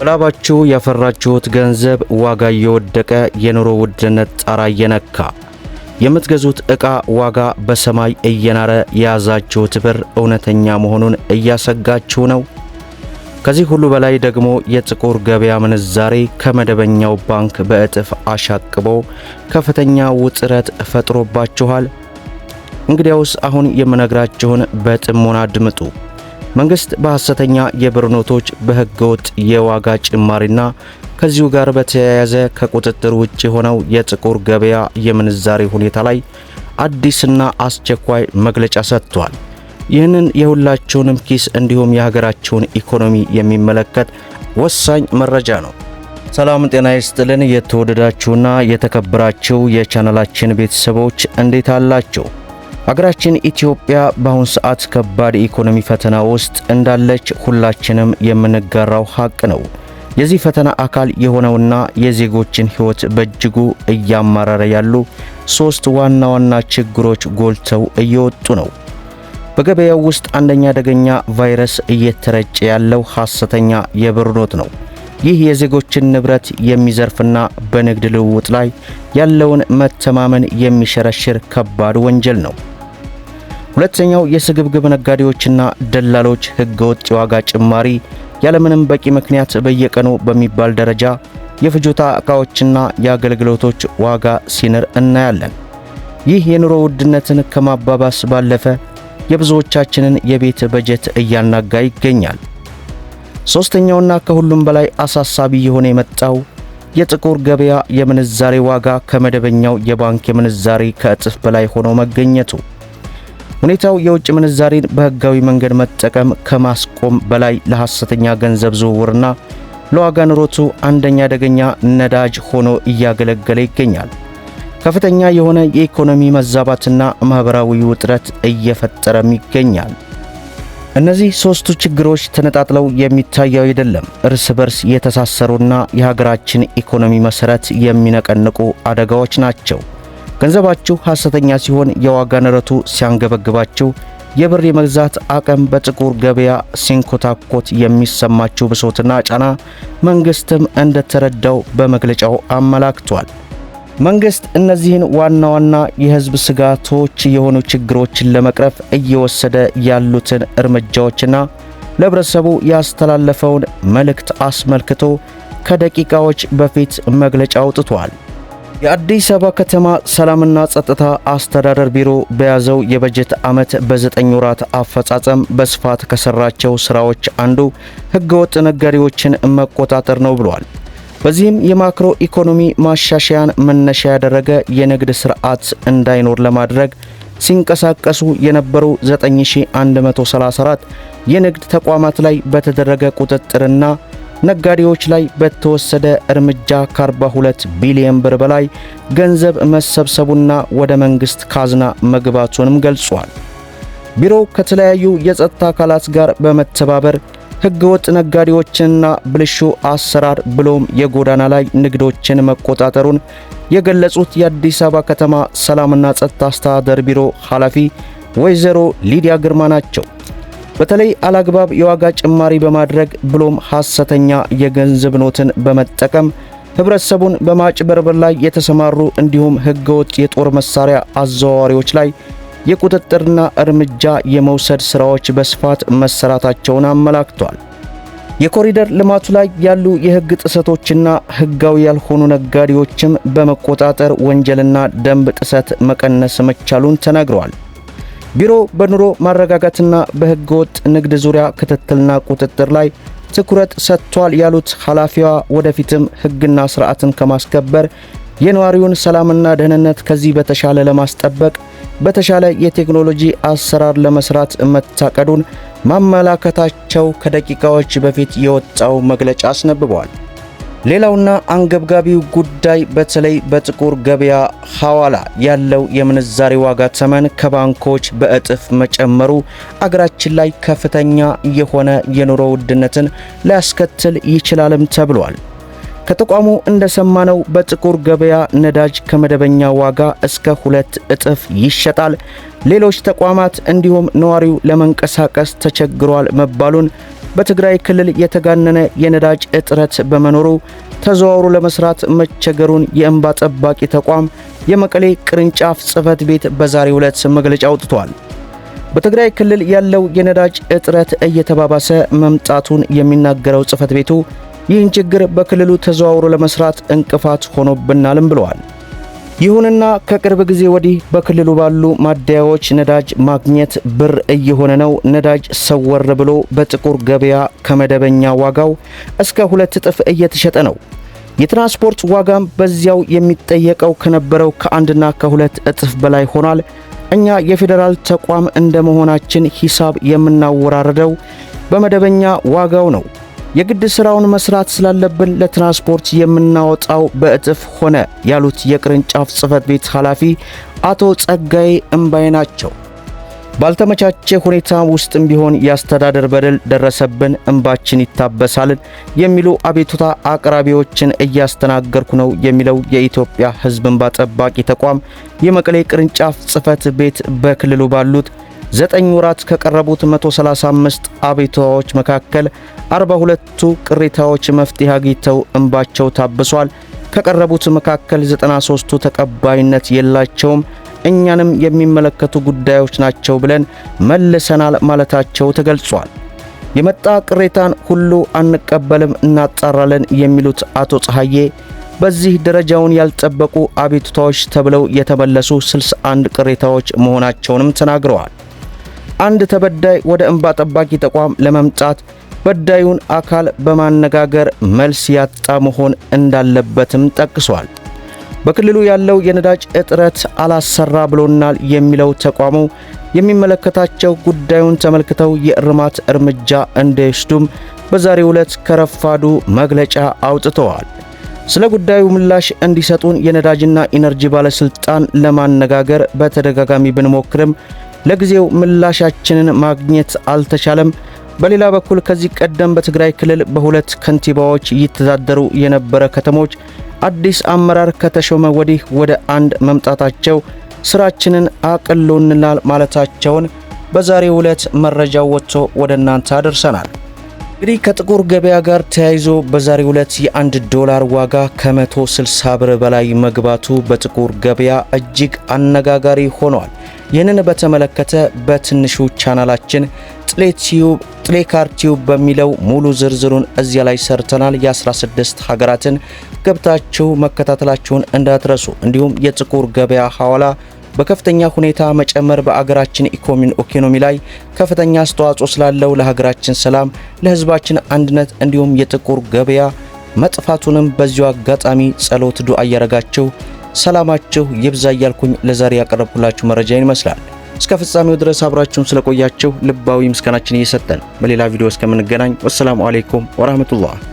በላባችሁ ያፈራችሁት ገንዘብ ዋጋ እየወደቀ የኑሮ ውድነት ጣራ እየነካ የምትገዙት ዕቃ ዋጋ በሰማይ እየናረ የያዛችሁት ብር እውነተኛ መሆኑን እያሰጋችሁ ነው። ከዚህ ሁሉ በላይ ደግሞ የጥቁር ገበያ ምንዛሬ ከመደበኛው ባንክ በእጥፍ አሻቅቦ ከፍተኛ ውጥረት ፈጥሮባችኋል። እንግዲያውስ አሁን የምነግራችሁን በጥሞና አድምጡ። መንግስት በሐሰተኛ የብር ኖቶች በህገወጥ የዋጋ ጭማሪና ከዚሁ ጋር በተያያዘ ከቁጥጥር ውጭ ሆነው የጥቁር ገበያ የምንዛሬ ሁኔታ ላይ አዲስና አስቸኳይ መግለጫ ሰጥቷል። ይህንን የሁላችሁንም ኪስ እንዲሁም የሀገራችሁን ኢኮኖሚ የሚመለከት ወሳኝ መረጃ ነው። ሰላም ጤና ይስጥልን። የተወደዳችሁና የተከበራችሁ የቻናላችን ቤተሰቦች እንዴት አላችሁ? አገራችን ኢትዮጵያ በአሁን ሰዓት ከባድ የኢኮኖሚ ፈተና ውስጥ እንዳለች ሁላችንም የምንጋራው ሀቅ ነው። የዚህ ፈተና አካል የሆነውና የዜጎችን ሕይወት በእጅጉ እያማረረ ያሉ ሶስት ዋና ዋና ችግሮች ጎልተው እየወጡ ነው። በገበያው ውስጥ አንደኛ አደገኛ ቫይረስ እየተረጨ ያለው ሐሰተኛ የብር ኖት ነው። ይህ የዜጎችን ንብረት የሚዘርፍና በንግድ ልውውጥ ላይ ያለውን መተማመን የሚሸረሽር ከባድ ወንጀል ነው። ሁለተኛው የስግብግብ ነጋዴዎችና ደላሎች ህገወጥ የዋጋ ጭማሪ ያለምንም በቂ ምክንያት በየቀኑ በሚባል ደረጃ የፍጆታ ዕቃዎችና የአገልግሎቶች ዋጋ ሲንር እናያለን። ይህ የኑሮ ውድነትን ከማባባስ ባለፈ የብዙዎቻችንን የቤት በጀት እያናጋ ይገኛል። ሦስተኛውና ከሁሉም በላይ አሳሳቢ የሆነ የመጣው የጥቁር ገበያ የምንዛሬ ዋጋ ከመደበኛው የባንክ የምንዛሬ ከእጥፍ በላይ ሆኖ መገኘቱ ሁኔታው የውጭ ምንዛሬን በህጋዊ መንገድ መጠቀም ከማስቆም በላይ ለሐሰተኛ ገንዘብ ዝውውርና ለዋጋ ንሮቱ አንደኛ አደገኛ ነዳጅ ሆኖ እያገለገለ ይገኛል። ከፍተኛ የሆነ የኢኮኖሚ መዛባትና ማኅበራዊ ውጥረት እየፈጠረም ይገኛል። እነዚህ ሦስቱ ችግሮች ተነጣጥለው የሚታየው አይደለም። እርስ በርስ የተሳሰሩና የሀገራችን ኢኮኖሚ መሠረት የሚነቀንቁ አደጋዎች ናቸው። ገንዘባቸው ሐሰተኛ ሲሆን የዋጋ ንረቱ ሲያንገበግባቸው የብር የመግዛት አቅም በጥቁር ገበያ ሲንኮታኮት የሚሰማቸው ብሶትና ጫና መንግስትም እንደተረዳው በመግለጫው አመላክቷል። መንግስት እነዚህን ዋና ዋና የህዝብ ስጋቶች የሆኑ ችግሮችን ለመቅረፍ እየወሰደ ያሉትን እርምጃዎችና ለህብረተሰቡ ያስተላለፈውን መልእክት አስመልክቶ ከደቂቃዎች በፊት መግለጫ አውጥቷል። የአዲስ አበባ ከተማ ሰላምና ጸጥታ አስተዳደር ቢሮ በያዘው የበጀት ዓመት በዘጠኝ ወራት አፈጻጸም በስፋት ከሰራቸው ስራዎች አንዱ ህገወጥ ነጋዴዎችን መቆጣጠር ነው ብሏል። በዚህም የማክሮ ኢኮኖሚ ማሻሻያን መነሻ ያደረገ የንግድ ስርዓት እንዳይኖር ለማድረግ ሲንቀሳቀሱ የነበሩ 9134 የንግድ ተቋማት ላይ በተደረገ ቁጥጥርና ነጋዴዎች ላይ በተወሰደ እርምጃ ከ42 ቢሊዮን ብር በላይ ገንዘብ መሰብሰቡና ወደ መንግሥት ካዝና መግባቱንም ገልጿል። ቢሮው ከተለያዩ የጸጥታ አካላት ጋር በመተባበር ሕገወጥ ነጋዴዎችንና ብልሹ አሰራር ብሎም የጎዳና ላይ ንግዶችን መቆጣጠሩን የገለጹት የአዲስ አበባ ከተማ ሰላምና ጸጥታ አስተዳደር ቢሮ ኃላፊ ወይዘሮ ሊዲያ ግርማ ናቸው። በተለይ አላግባብ የዋጋ ጭማሪ በማድረግ ብሎም ሐሰተኛ የገንዘብ ኖትን በመጠቀም ህብረተሰቡን በማጭበርበር ላይ የተሰማሩ እንዲሁም ህገወጥ የጦር መሳሪያ አዘዋዋሪዎች ላይ የቁጥጥርና እርምጃ የመውሰድ ስራዎች በስፋት መሰራታቸውን አመላክቷል። የኮሪደር ልማቱ ላይ ያሉ የህግ ጥሰቶችና ህጋዊ ያልሆኑ ነጋዴዎችም በመቆጣጠር ወንጀልና ደንብ ጥሰት መቀነስ መቻሉን ተናግረዋል። ቢሮ በኑሮ ማረጋጋትና በህገወጥ ንግድ ዙሪያ ክትትልና ቁጥጥር ላይ ትኩረት ሰጥቷል ያሉት ኃላፊዋ ወደፊትም ህግና ስርዓትን ከማስከበር የነዋሪውን ሰላምና ደህንነት ከዚህ በተሻለ ለማስጠበቅ በተሻለ የቴክኖሎጂ አሰራር ለመስራት መታቀዱን ማመላከታቸው ከደቂቃዎች በፊት የወጣው መግለጫ አስነብበዋል። ሌላውና አንገብጋቢው ጉዳይ በተለይ በጥቁር ገበያ ሐዋላ ያለው የምንዛሬ ዋጋ ተመን ከባንኮች በእጥፍ መጨመሩ አገራችን ላይ ከፍተኛ የሆነ የኑሮ ውድነትን ሊያስከትል ይችላልም ተብሏል። ከተቋሙ እንደሰማነው በጥቁር ገበያ ነዳጅ ከመደበኛ ዋጋ እስከ ሁለት እጥፍ ይሸጣል። ሌሎች ተቋማት እንዲሁም ነዋሪው ለመንቀሳቀስ ተቸግሯል መባሉን በትግራይ ክልል የተጋነነ የነዳጅ እጥረት በመኖሩ ተዘዋውሮ ለመስራት መቸገሩን የእንባ ጠባቂ ተቋም የመቀሌ ቅርንጫፍ ጽህፈት ቤት በዛሬው ዕለት መግለጫ አውጥቷል። በትግራይ ክልል ያለው የነዳጅ እጥረት እየተባባሰ መምጣቱን የሚናገረው ጽህፈት ቤቱ ይህን ችግር በክልሉ ተዘዋውሮ ለመስራት እንቅፋት ሆኖብናልም ብለዋል። ይሁንና ከቅርብ ጊዜ ወዲህ በክልሉ ባሉ ማደያዎች ነዳጅ ማግኘት ብር እየሆነ ነው። ነዳጅ ሰወር ብሎ በጥቁር ገበያ ከመደበኛ ዋጋው እስከ ሁለት እጥፍ እየተሸጠ ነው። የትራንስፖርት ዋጋም በዚያው የሚጠየቀው ከነበረው ከአንድና ከሁለት እጥፍ በላይ ሆኗል። እኛ የፌዴራል ተቋም እንደመሆናችን ሂሳብ የምናወራረደው በመደበኛ ዋጋው ነው። የግድ ስራውን መስራት ስላለብን ለትራንስፖርት የምናወጣው በእጥፍ ሆነ ያሉት የቅርንጫፍ ጽህፈት ቤት ኃላፊ አቶ ጸጋዬ እምባይ ናቸው። ባልተመቻቸ ሁኔታ ውስጥም ቢሆን የአስተዳደር በደል ደረሰብን፣ እንባችን ይታበሳልን የሚሉ አቤቱታ አቅራቢዎችን እያስተናገርኩ ነው የሚለው የኢትዮጵያ ሕዝብ እንባ ጠባቂ ተቋም የመቀሌ ቅርንጫፍ ጽህፈት ቤት በክልሉ ባሉት ዘጠኝ ወራት ከቀረቡት 135 አቤቱታዎች መካከል 42ቱ ቅሬታዎች መፍትሄ አግኝተው እንባቸው ታብሷል። ከቀረቡት መካከል 93ቱ ተቀባይነት የላቸውም፣ እኛንም የሚመለከቱ ጉዳዮች ናቸው ብለን መልሰናል ማለታቸው ተገልጿል። የመጣ ቅሬታን ሁሉ አንቀበልም፣ እናጣራለን የሚሉት አቶ ፀሐዬ በዚህ ደረጃውን ያልጠበቁ አቤቱታዎች ተብለው የተመለሱ 61 ቅሬታዎች መሆናቸውንም ተናግረዋል። አንድ ተበዳይ ወደ እንባ ጠባቂ ተቋም ለመምጣት በዳዩን አካል በማነጋገር መልስ ያጣ መሆን እንዳለበትም ጠቅሷል። በክልሉ ያለው የነዳጅ እጥረት አላሰራ ብሎናል የሚለው ተቋሙ የሚመለከታቸው ጉዳዩን ተመልክተው የእርማት እርምጃ እንዲወስዱም በዛሬው ዕለት ከረፋዱ መግለጫ አውጥተዋል። ስለ ጉዳዩ ምላሽ እንዲሰጡን የነዳጅና ኢነርጂ ባለስልጣን ለማነጋገር በተደጋጋሚ ብንሞክርም ለጊዜው ምላሻችንን ማግኘት አልተቻለም። በሌላ በኩል ከዚህ ቀደም በትግራይ ክልል በሁለት ከንቲባዎች ይተዳደሩ የነበረ ከተሞች አዲስ አመራር ከተሾመ ወዲህ ወደ አንድ መምጣታቸው ስራችንን አቅሎንላል ማለታቸውን በዛሬው ዕለት መረጃው ወጥቶ ወደ እናንተ አደርሰናል። እንግዲህ ከጥቁር ገበያ ጋር ተያይዞ በዛሬው ዕለት የአንድ ዶላር ዋጋ ከ160 ብር በላይ መግባቱ በጥቁር ገበያ እጅግ አነጋጋሪ ሆኗል። ይህንን በተመለከተ በትንሹ ቻናላችን ጥሌ ቲዩብ በሚለው ሙሉ ዝርዝሩን እዚያ ላይ ሰርተናል። የ16 ሀገራትን ገብታችሁ መከታተላችሁን እንዳትረሱ። እንዲሁም የጥቁር ገበያ ሐዋላ በከፍተኛ ሁኔታ መጨመር በአገራችን ኢኮኖሚ ላይ ከፍተኛ አስተዋጽኦ ስላለው ለሀገራችን ሰላም፣ ለህዝባችን አንድነት እንዲሁም የጥቁር ገበያ መጥፋቱንም በዚሁ አጋጣሚ ጸሎት ዱአ እያረጋችሁ ሰላማችሁ ይብዛ እያልኩኝ ለዛሬ ያቀረብኩላችሁ መረጃ ይመስላል። እስከ ፍጻሜው ድረስ አብራችሁን ስለቆያችሁ ልባዊ ምስጋናችን እየሰጠን በሌላ ቪዲዮ እስከምንገናኝ ወሰላሙ አሌይኩም ወራህመቱላህ